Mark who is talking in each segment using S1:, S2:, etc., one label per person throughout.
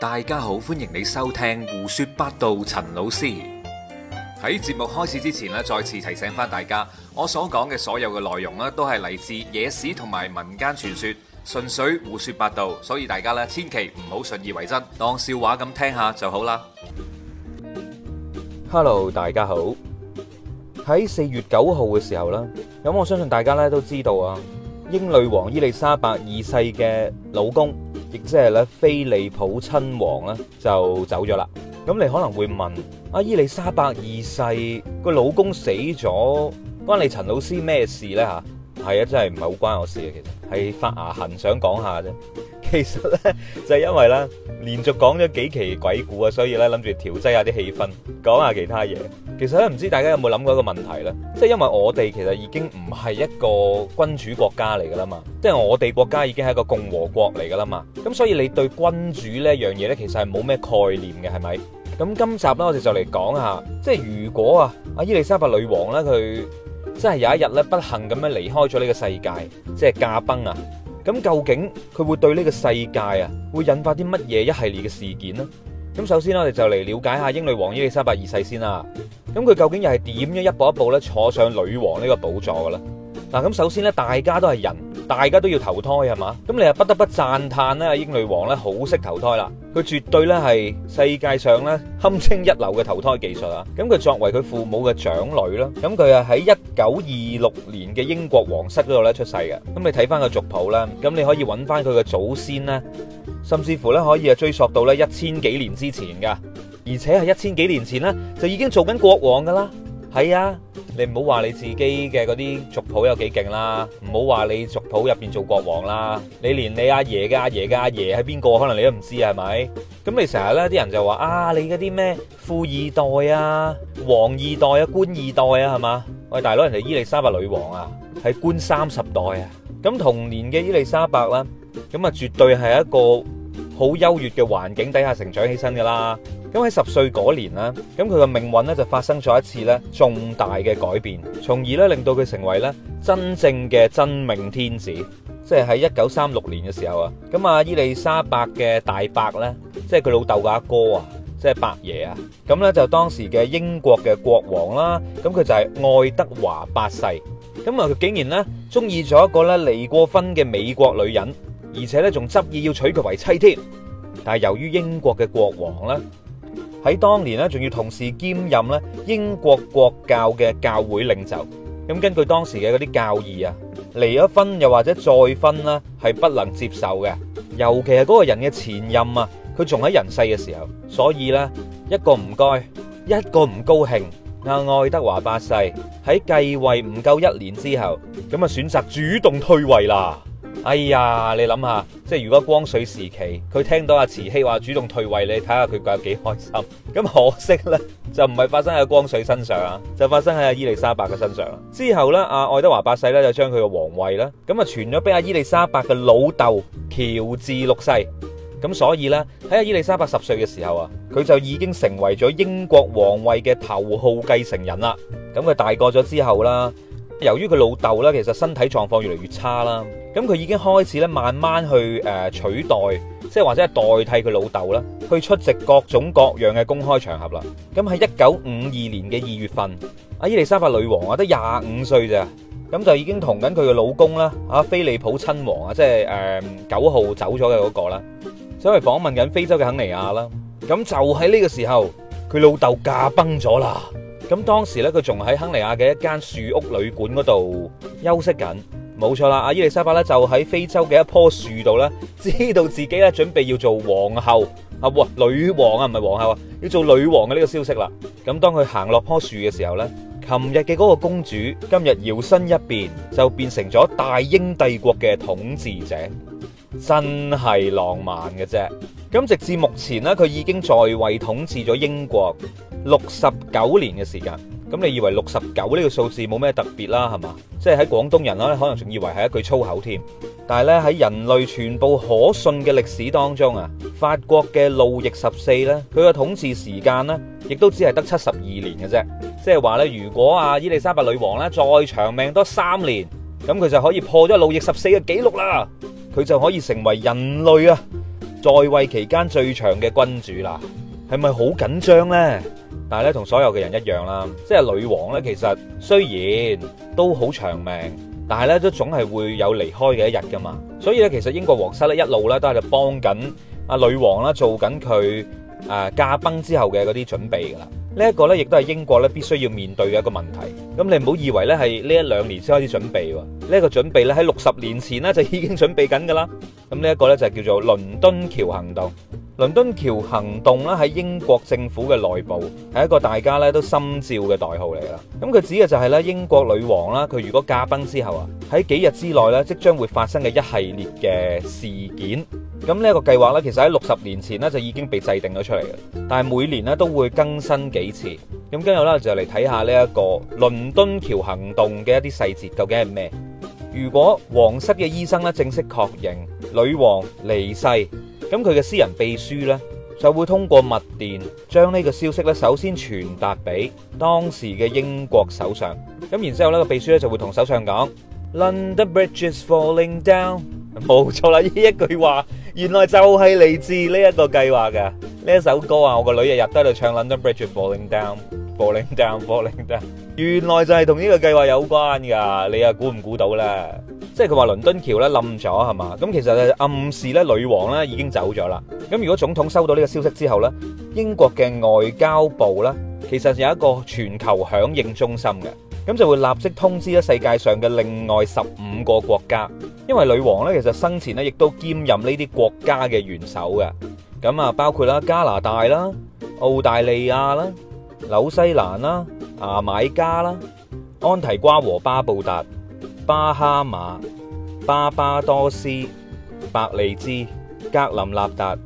S1: 大家好，歡迎你收聽胡說八道。陳老師喺節目開始之前呢，再次提醒返大家，我所講嘅所有嘅內容呢，都係嚟自野史同埋民間傳說，純粹胡說八道，所以大家呢千祈唔好信以為真，當笑話咁聽下就好啦。Hello，大家好。喺四月九號嘅時候呢，咁我相信大家呢都知道啊，英女王伊麗莎白二世嘅老公。亦即係咧，菲利普親王咧就走咗啦。咁你可能會問：阿伊麗莎白二世個老公死咗，關你陳老師咩事咧？嚇，係啊，真係唔係好關我事啊。其實係發牙痕想講下啫。其實呢，就係、是、因為呢連續講咗幾期鬼故啊，所以呢，諗住調劑下啲氣氛，講下其他嘢。其實呢，唔知大家有冇諗過一個問題呢？即係因為我哋其實已經唔係一個君主國家嚟噶啦嘛，即係我哋國家已經係一個共和國嚟噶啦嘛。咁所以你對君主呢樣嘢呢，其實係冇咩概念嘅，係咪？咁今集呢，我哋就嚟講下，即係如果啊，阿伊麗莎白女王呢，佢真係有一日呢不幸咁樣離開咗呢個世界，即係駕崩啊！咁究竟佢會對呢個世界啊，會引發啲乜嘢一系列嘅事件呢？咁首先我哋就嚟了解下英女王伊麗莎白二世先啦。咁佢究竟又係點樣一步一步咧坐上女王呢個寶座嘅咧？嗱，咁首先咧，大家都係人。大家都要投胎係嘛？咁你又不得不讚歎咧，英女王咧好識投胎啦！佢絕對咧係世界上咧堪稱一流嘅投胎技術啊！咁佢作為佢父母嘅長女啦，咁佢啊喺一九二六年嘅英國王室嗰度咧出世嘅。咁你睇翻個族譜咧，咁你可以揾翻佢嘅祖先咧，甚至乎咧可以啊追溯到咧一千幾年之前噶，而且係一千幾年前咧就已經做緊國王噶啦，係啊！你唔好話你自己嘅嗰啲族譜有幾勁啦，唔好話你族譜入邊做國王啦，你連你阿爺嘅阿爺嘅阿爺係邊個，可能你都唔知係咪？咁你成日呢啲人就話啊，你嗰啲咩富二代啊、王二代啊、官二代啊，係嘛？喂，大佬，人哋伊利沙伯女王啊，係官三十代啊，咁童年嘅伊利沙伯啦，咁啊絕對係一個好優越嘅環境底下成長起身噶啦。咁喺十歲嗰年啦，咁佢個命運咧就發生咗一次咧重大嘅改變，從而咧令到佢成為咧真正嘅真命天子。即係喺一九三六年嘅時候啊，咁啊伊麗莎白嘅大伯咧，即係佢老豆嘅阿哥啊，即係伯爺啊，咁咧就當時嘅英國嘅國王啦，咁佢就係愛德華八世。咁啊，佢竟然咧中意咗一個咧離過婚嘅美國女人，而且咧仲執意要娶佢為妻添。但係由於英國嘅國王咧。喺當年咧，仲要同時兼任咧英國國教嘅教會領袖。咁根據當時嘅嗰啲教義啊，離咗婚又或者再婚啦，係不能接受嘅。尤其係嗰個人嘅前任啊，佢仲喺人世嘅時候，所以咧一個唔該，一個唔高興。阿愛德華八世喺繼位唔夠一年之後，咁啊選擇主動退位啦。哎呀，你諗下，即係如果光緒時期，佢聽到阿慈禧話主動退位，你睇下佢個有幾開心。咁可惜呢，就唔係發生喺光緒身上啊，就發生喺阿伊麗莎白嘅身上。之後呢，阿愛德華八世呢，就將佢嘅皇位啦，咁啊傳咗俾阿伊麗莎白嘅老豆喬治六世。咁所以呢，喺阿伊麗莎白十歲嘅時候啊，佢就已經成為咗英國皇位嘅頭號繼承人啦。咁佢大個咗之後啦。由於佢老豆啦，其實身體狀況越嚟越差啦，咁佢已經開始咧慢慢去誒取代，即係或者係代替佢老豆啦，去出席各種各樣嘅公開場合啦。咁喺一九五二年嘅二月份，阿伊麗莎法女王啊，得廿五歲咋，咁就已經同緊佢嘅老公啦，阿菲利普親王啊，即係誒九號走咗嘅嗰個啦，所謂訪問緊非洲嘅肯尼亞啦。咁就喺呢個時候，佢老豆駕崩咗啦。咁當時咧，佢仲喺肯尼亞嘅一間樹屋旅館嗰度休息緊。冇錯啦，阿伊麗莎白咧就喺非洲嘅一棵樹度咧，知道自己咧準備要做皇后啊，哇！女王啊，唔係皇后啊，要做女王嘅呢個消息啦。咁當佢行落樖樹嘅時候咧，琴日嘅嗰個公主，今日搖身一變就變成咗大英帝國嘅統治者，真係浪漫嘅啫。咁直至目前咧，佢已經在位統治咗英國六十九年嘅時間。咁你以為六十九呢個數字冇咩特別啦，係嘛？即係喺廣東人啦，可能仲以為係一句粗口添。但係咧，喺人類全部可信嘅歷史當中啊，法國嘅路易十四咧，佢個統治時間呢，亦都只係得七十二年嘅啫。即係話呢，如果啊伊麗莎白女王呢再長命多三年，咁佢就可以破咗路易十四嘅紀錄啦。佢就可以成為人類啊！在位期間最長嘅君主啦，係咪好緊張呢？但係咧，同所有嘅人一樣啦，即係女王呢，其實雖然都好長命，但係呢，都總係會有離開嘅一日㗎嘛。所以咧，其實英國皇室咧一路咧都係就幫緊阿女王啦，做緊佢。啊！駕崩之後嘅嗰啲準備㗎啦，這個、呢一個呢亦都係英國呢必須要面對嘅一個問題。咁你唔好以為呢係呢一兩年先開始準備喎，呢、這、一個準備喺六十年前呢就已經準備緊㗎啦。咁呢一個呢就叫做倫敦橋行動。倫敦橋行動咧，喺英國政府嘅內部係一個大家咧都心照嘅代號嚟啦。咁佢指嘅就係咧英國女王啦，佢如果駕崩之後啊，喺幾日之內咧即將會發生嘅一系列嘅事件。咁呢一個計劃咧，其實喺六十年前咧就已經被制定咗出嚟嘅，但係每年咧都會更新幾次。咁今日咧就嚟睇下呢一個倫敦橋行動嘅一啲細節究竟係咩？如果皇室嘅醫生咧正式確認女王離世。咁佢嘅私人秘書咧，就會通過密電將呢個消息咧，首先傳達俾當時嘅英國首相。咁然之後呢個秘書咧就會同首相講，London Bridge is falling down。冇錯啦，呢一句話原來就係嚟自呢一個計劃嘅。呢一首歌啊，我個女日日都喺度唱 London Bridge is falling down，falling down，falling down。原來就係同呢個計劃有關噶，你又估唔估到啦？即係佢話倫敦橋咧冧咗係嘛，咁其實係暗示咧女王咧已經走咗啦。咁如果總統收到呢個消息之後咧，英國嘅外交部咧其實有一個全球響應中心嘅，咁就會立即通知咗世界上嘅另外十五個國家，因為女王咧其實生前咧亦都兼任呢啲國家嘅元首嘅，咁啊包括啦加拿大啦、澳大利亞啦、紐西蘭啦、牙買加啦、安提瓜和巴布達。巴哈馬、巴巴多斯、伯利茲、格林納達、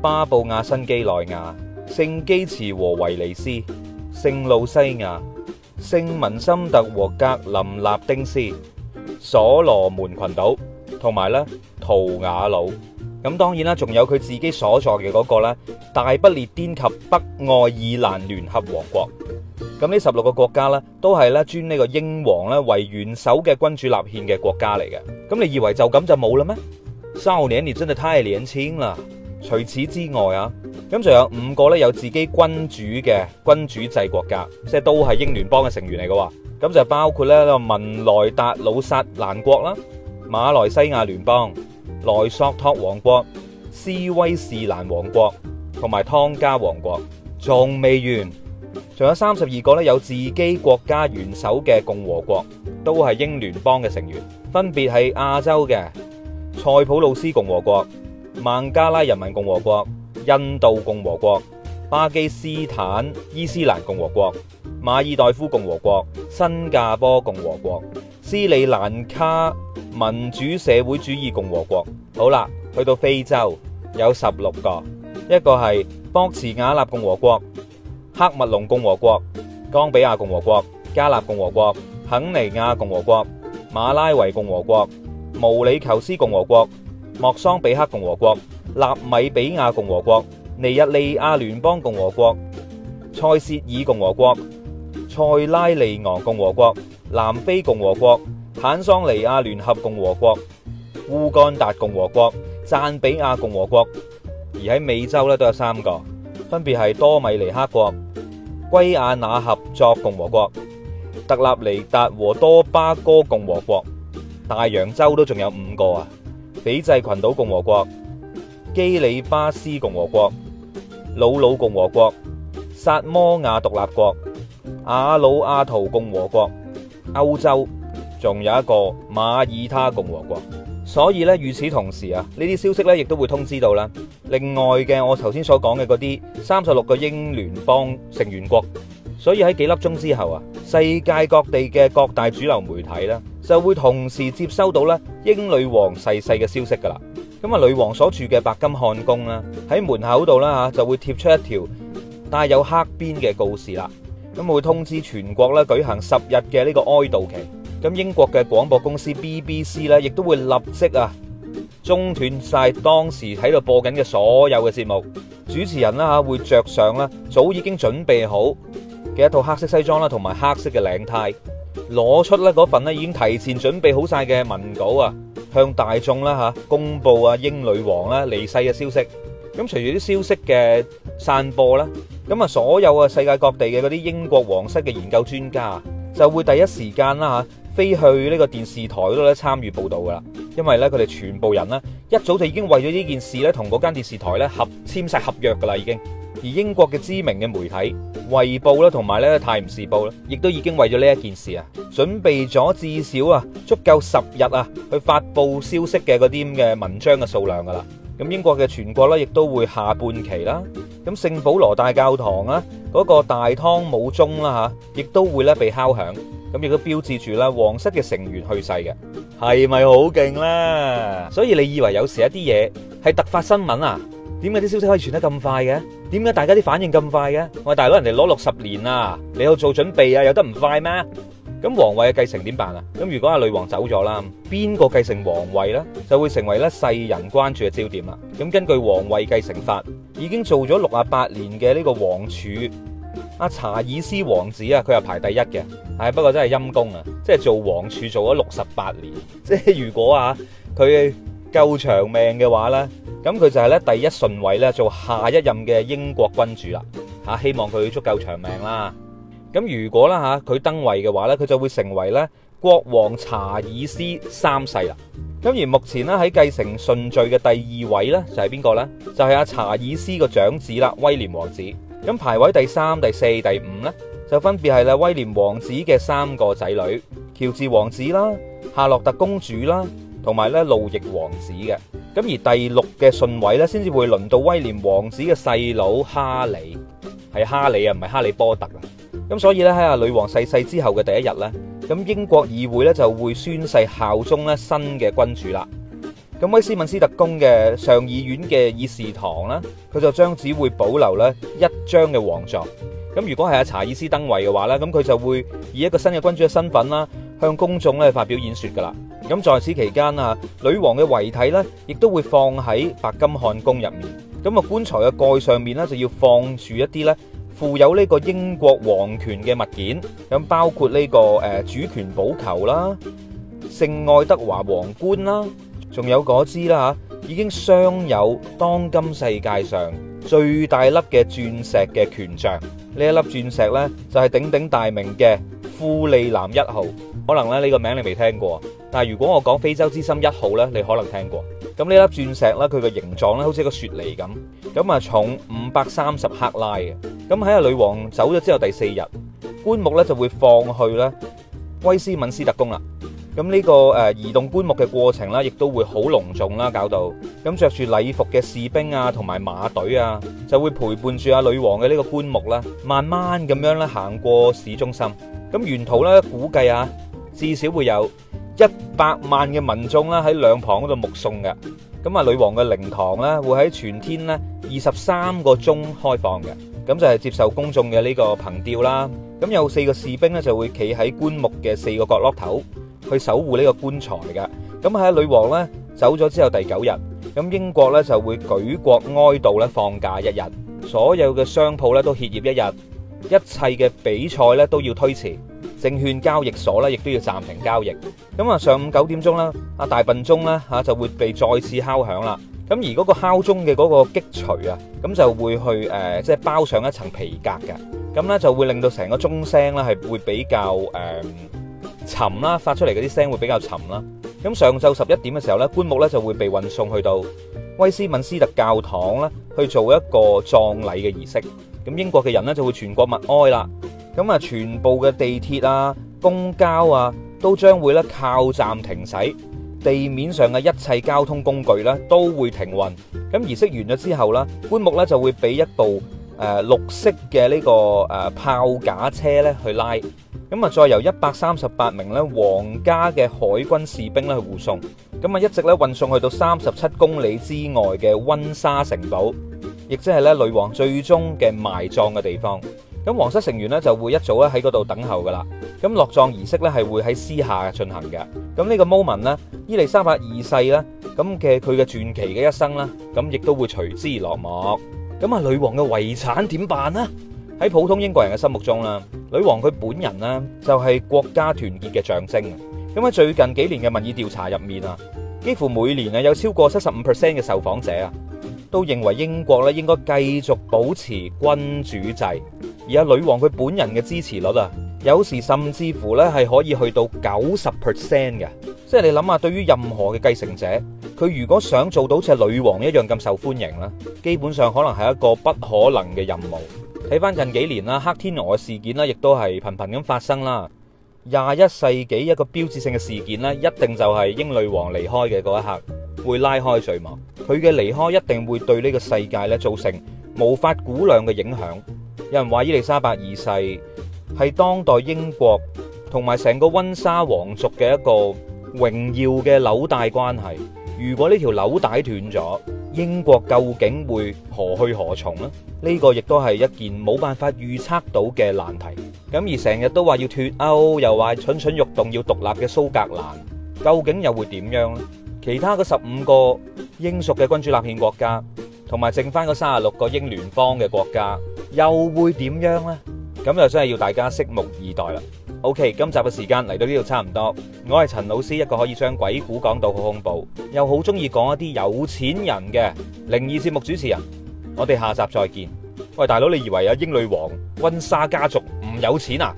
S1: 巴布亞新幾內亞、聖基茨和維尼斯、聖盧西亞、聖文森特和格林納丁斯、所羅門群島同埋咧圖瓦盧，咁當然啦，仲有佢自己所在嘅嗰個咧大不列顛及北愛爾蘭聯合王國。咁呢十六個國家呢，都係咧尊呢個英皇咧為元首嘅君主立憲嘅國家嚟嘅。咁你以為就咁就冇啦咩？三年？你真係太年輕啦！除此之外啊，咁仲有五個呢，有自己君主嘅君主制國家，即係都係英聯邦嘅成員嚟嘅話，咁就包括咧呢個文萊達魯薩蘭國啦、馬來西亞聯邦、萊索托王國、斯威士蘭王國同埋湯加王國。仲未完。仲有三十二個咧，有自己國家元首嘅共和國，都係英聯邦嘅成員，分別係亞洲嘅塞浦路斯共和國、孟加拉人民共和國、印度共和國、巴基斯坦伊斯蘭共和國、馬爾代夫共和國、新加坡共和國、斯里蘭卡民主社會主義共和國。好啦，去到非洲有十六個，一個係博茨瓦納共和國。黑密隆共和國、岡比亞共和國、加納共和國、肯尼亞共和國、馬拉維共和國、毛里求斯共和國、莫桑比克共和國、納米比亞共和國、尼日利亞聯邦共和國、塞舌爾共和國、塞拉利昂共和國、南非共和國、坦桑尼亞聯合共和國、烏干達共和國、贊比亞共和國，而喺美洲咧都有三個，分別係多米尼克國。圭亞那合作共和國、特立尼達和多巴哥共和國。大洋洲都仲有五個啊，斐濟群島共和國、基里巴斯共和國、瑙魯共和國、薩摩亞獨立國、瓦努阿圖共和國、歐洲仲有一個馬爾他共和國。所以咧，與此同時啊，呢啲消息咧亦都會通知到啦。另外嘅，我頭先所講嘅嗰啲三十六個英聯邦成員國，所以喺幾粒鐘之後啊，世界各地嘅各大主流媒體呢，就會同時接收到咧英女王逝世嘅消息噶啦。咁啊，女王所住嘅白金漢宮啦，喺門口度啦吓，就會貼出一條帶有黑邊嘅告示啦。咁會通知全國咧舉行十日嘅呢個哀悼期。咁英國嘅廣播公司 BBC 咧，亦都會立即啊。中斷晒當時喺度播緊嘅所有嘅節目，主持人啦吓會着上啦早已經準備好嘅一套黑色西裝啦，同埋黑色嘅領呔，攞出咧嗰份咧已經提前準備好晒嘅文稿啊，向大眾啦吓公布啊英女王啦離世嘅消息。咁隨住啲消息嘅散播啦，咁啊所有啊世界各地嘅嗰啲英國皇室嘅研究專家就會第一時間啦吓。飛去呢個電視台嗰度咧參與報道噶啦，因為呢，佢哋全部人呢一早就已經為咗呢件事呢同嗰間電視台呢合簽晒合約噶啦已經，而英國嘅知名嘅媒體衛報啦，同埋咧泰晤士報呢亦都已經為咗呢一件事啊，準備咗至少啊足夠十日啊去發佈消息嘅嗰啲咁嘅文章嘅數量噶啦。咁、嗯、英國嘅全國呢亦都會下半旗啦，咁、嗯、聖保羅大教堂啊嗰、那個大湯姆鐘啦吓，亦、啊、都會咧被敲響。咁亦都標誌住啦，皇室嘅成員去世嘅，係咪好勁呢？所以你以為有時一啲嘢係突發新聞啊？點解啲消息可以傳得咁快嘅？點解大家啲反應咁快嘅？我大佬，人哋攞六十年啊，你有做準備啊，有得唔快咩？咁皇位嘅繼承點辦啊？咁如果阿女王走咗啦，邊個繼承皇位呢？就會成為咧世人關注嘅焦點啦。咁根據皇位繼承法，已經做咗六啊八年嘅呢個皇儲。阿查爾斯王子啊，佢又排第一嘅，係不過真係陰公啊，即係做王儲做咗六十八年，即係如果啊佢夠長命嘅話呢，咁佢就係咧第一順位咧做下一任嘅英國君主啦，吓希望佢足夠長命啦。咁如果啦吓佢登位嘅話呢，佢就會成為咧國王查爾斯三世啦。咁而目前咧喺繼承順序嘅第二位呢，就係邊個呢？就係阿查爾斯個長子啦，威廉王子。咁排位第三、第四、第五呢，就分別係咧威廉王子嘅三個仔女，喬治王子啦、夏洛特公主啦，同埋咧路易王子嘅。咁而第六嘅順位呢，先至會輪到威廉王子嘅細佬哈里，係哈里，啊，唔係哈利波特啊。咁所以呢，喺啊女王逝世之後嘅第一日呢，咁英國議會呢，就會宣誓效忠咧新嘅君主啦。咁威斯敏斯特宮嘅上議院嘅議事堂呢，佢就將只會保留咧一張嘅王座，咁如果係阿查爾斯登位嘅話呢，咁佢就會以一個新嘅君主嘅身份啦，向公眾咧發表演說噶啦。咁在此期間啊，女王嘅遺體呢，亦都會放喺白金漢宮入面。咁啊，棺材嘅蓋上面呢，就要放住一啲呢富有呢個英國皇權嘅物件，咁包括呢個誒主權寶球啦、聖愛德華王冠啦，仲有嗰支啦吓，已經鑲有當今世界上。最大粒嘅鑽石嘅權杖，呢一粒鑽石呢，就係鼎鼎大名嘅富利南一號，可能咧呢個名你未聽過，但係如果我講非洲之心一號呢，你可能聽過。咁呢粒鑽石呢，佢嘅形狀呢，好似個雪梨咁，咁啊重五百三十克拉嘅。咁喺阿女王走咗之後第四日，棺木呢就會放去咧威斯敏斯特宮啦。咁呢個誒移動棺木嘅過程啦，亦都會好隆重啦，搞到咁着住禮服嘅士兵啊，同埋馬隊啊，就會陪伴住阿女王嘅呢個棺木啦，慢慢咁樣咧行過市中心。咁沿途咧，估計啊，至少會有一百萬嘅民眾啦喺兩旁嗰度目送嘅。咁啊，女王嘅靈堂咧，會喺全天咧二十三個鐘開放嘅。咁就係接受公眾嘅呢個憑吊啦。咁有四個士兵咧就會企喺棺木嘅四個角落頭。去守護呢個棺材㗎，咁喺女王咧走咗之後第九日，咁英國咧就會舉國哀悼咧放假一日，所有嘅商鋪咧都歇業一日，一切嘅比賽咧都要推遲，證券交易所咧亦都要暫停交易。咁啊，上午九點鐘啦，阿大笨鐘咧吓就會被再次敲響啦。咁而嗰個敲鐘嘅嗰個擊錘啊，咁就會去誒即係包上一層皮革嘅，咁咧就會令到成個鐘聲咧係會比較誒。沉啦，發出嚟嗰啲聲會比較沉啦。咁上晝十一點嘅時候咧，棺木咧就會被運送去到威斯敏斯特教堂啦，去做一個葬禮嘅儀式。咁英國嘅人咧就會全國默哀啦。咁啊，全部嘅地鐵啊、公交啊，都將會咧靠站停駛，地面上嘅一切交通工具咧都會停運。咁儀式完咗之後咧，棺木咧就會俾一部。誒、呃，綠色嘅呢，這個誒、呃、炮架車咧去拉，咁啊再由一百三十八名咧皇家嘅海軍士兵咧去護送，咁啊一直咧運送去到三十七公里之外嘅溫莎城堡，亦即係咧女王最終嘅埋葬嘅地方。咁皇室成員咧就會一早咧喺嗰度等候㗎喇。咁落葬儀式咧係會喺私下進行嘅。咁呢個 moment 咧，伊麗莎白二世咧，咁嘅佢嘅傳奇嘅一生咧，咁亦都會隨之落幕。咁啊，女王嘅遺產點辦咧？喺普通英國人嘅心目中啦，女王佢本人咧就係國家團結嘅象徵。咁喺最近幾年嘅民意調查入面啊，幾乎每年啊有超過七十五 percent 嘅受訪者啊都認為英國咧應該繼續保持君主制，而啊女王佢本人嘅支持率啊，有時甚至乎咧係可以去到九十 percent 嘅。即係你諗下，對於任何嘅繼承者。佢如果想做到似女王一樣咁受歡迎啦，基本上可能係一個不可能嘅任務。睇翻近幾年啦，黑天鵝嘅事件啦，亦都係頻頻咁發生啦。廿一世紀一個標誌性嘅事件咧，一定就係英女王離開嘅嗰一刻會拉開序幕。佢嘅離開一定會對呢個世界咧造成無法估量嘅影響。有人話伊麗莎白二世係當代英國同埋成個溫莎皇族嘅一個榮耀嘅紐帶關係，如果呢條紐帶斷咗，英國究竟會何去何從呢？呢個亦都係一件冇辦法預測到嘅難題。咁而成日都話要脫歐，又話蠢蠢欲動要獨立嘅蘇格蘭究竟又會點樣呢？其他嗰15個英屬嘅君主立憲國家同埋剩返嗰 O.K. 今集嘅時間嚟到呢度差唔多，我係陳老師，一個可以將鬼故講到好恐怖，又好中意講一啲有錢人嘅靈異節目主持人。我哋下集再見。喂，大佬，你以為有英女王温莎家族唔有錢啊？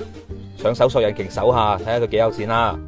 S1: 上搜索引擎搜下，睇下佢幾有錢啦、啊。